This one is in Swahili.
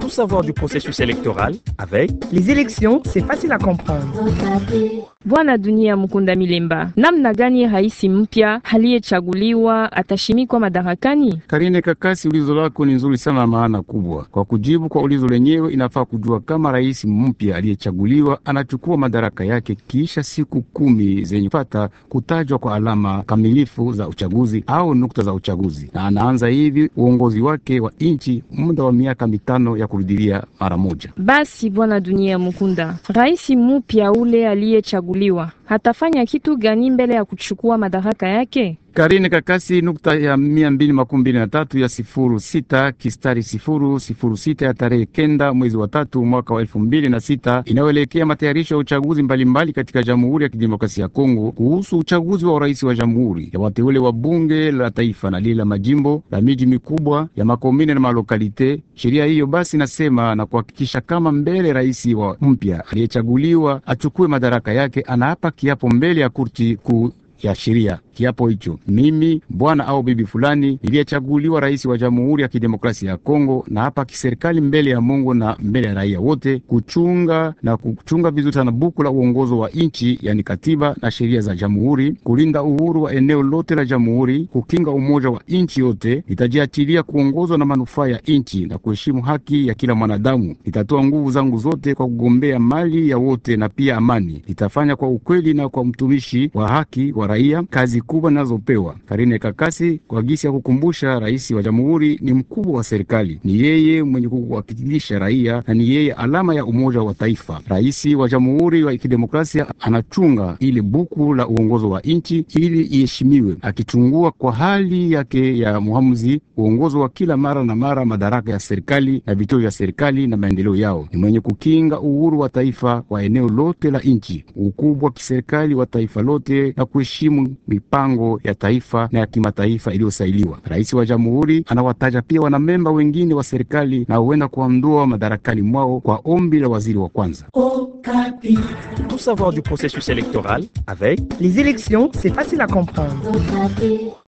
Tout savoir du processus électoral avec les élections, c'est facile à comprendre. Bwana Dunia Mkunda Milemba, namna gani rais mpya aliyechaguliwa atashimikwa madarakani? Karine Kakasi, ulizo lako ni nzuri sana, maana kubwa kwa kujibu kwa ulizo lenyewe. Inafaa kujua kama rais mpya aliyechaguliwa anachukua madaraka yake kisha siku kumi zenye fata kutajwa kwa alama kamilifu za uchaguzi au nukta za uchaguzi, na anaanza hivi uongozi wake wa nchi muda wa miaka mitano ya kurudilia mara moja. Basi Bwana Dunia Mkunda, rais mpya ule aliyechaguliwa kuchaguliwa, atafanya kitu gani mbele ya kuchukua madaraka yake? Karine Kakasi nukta ya mia mbili makumi mbili na tatu ya sifuru sita kistari sifuru sifuru sita ya tarehe kenda mwezi wa tatu mwaka wa elfu mbili na sita inayoelekea matayarisho ya uchaguzi mbalimbali mbali katika Jamhuri ya Kidemokrasia ya Kongo kuhusu uchaguzi wa urais wa jamhuri ya wateule wa bunge la taifa na lile la majimbo la miji mikubwa ya makomine na malokalite. Sheria hiyo basi nasema na kuhakikisha kama mbele rais wa mpya aliyechaguliwa achukue madaraka yake anaapa kiapo mbele ya kurti kuu ya sheria kiapo hicho, mimi bwana au bibi fulani niliyechaguliwa rais wa Jamhuri ya Kidemokrasia ya Kongo, na hapa kiserikali, mbele ya Mungu na mbele ya raia wote, kuchunga na kuchunga vizuri sana buku la uongozo wa nchi, yani katiba na sheria za jamhuri, kulinda uhuru wa eneo lote la jamhuri, kukinga umoja wa nchi yote. Nitajiachilia kuongozwa na manufaa ya nchi na kuheshimu haki ya kila mwanadamu. Nitatoa nguvu zangu zote kwa kugombea mali ya wote na pia amani. Nitafanya kwa ukweli na kwa mtumishi wa haki wa raia kazi kubwa zinazopewa Karine Kakasi kwa gisi ya kukumbusha rais wa jamhuri ni mkubwa wa serikali, ni yeye mwenye kuwakilisha raia na ni yeye alama ya umoja wa taifa. Rais wa jamhuri wa kidemokrasia anachunga ili buku la uongozi wa nchi ili iheshimiwe, akichungua kwa hali yake ya muhamuzi uongozi wa kila mara na mara madaraka ya serikali na vituo vya serikali na maendeleo yao. Ni mwenye kukinga uhuru wa taifa wa eneo lote la nchi, ukubwa wa kiserikali wa taifa lote na kuheshimu mipango ya taifa na ya kimataifa iliyosailiwa. Rais wa jamhuri anawataja pia wanamemba wengine wa serikali na huenda kuamdua madarakani mwao kwa ombi la waziri wa kwanza. Pour savoir du processus électoral avec les élections, c'est facile à comprendre.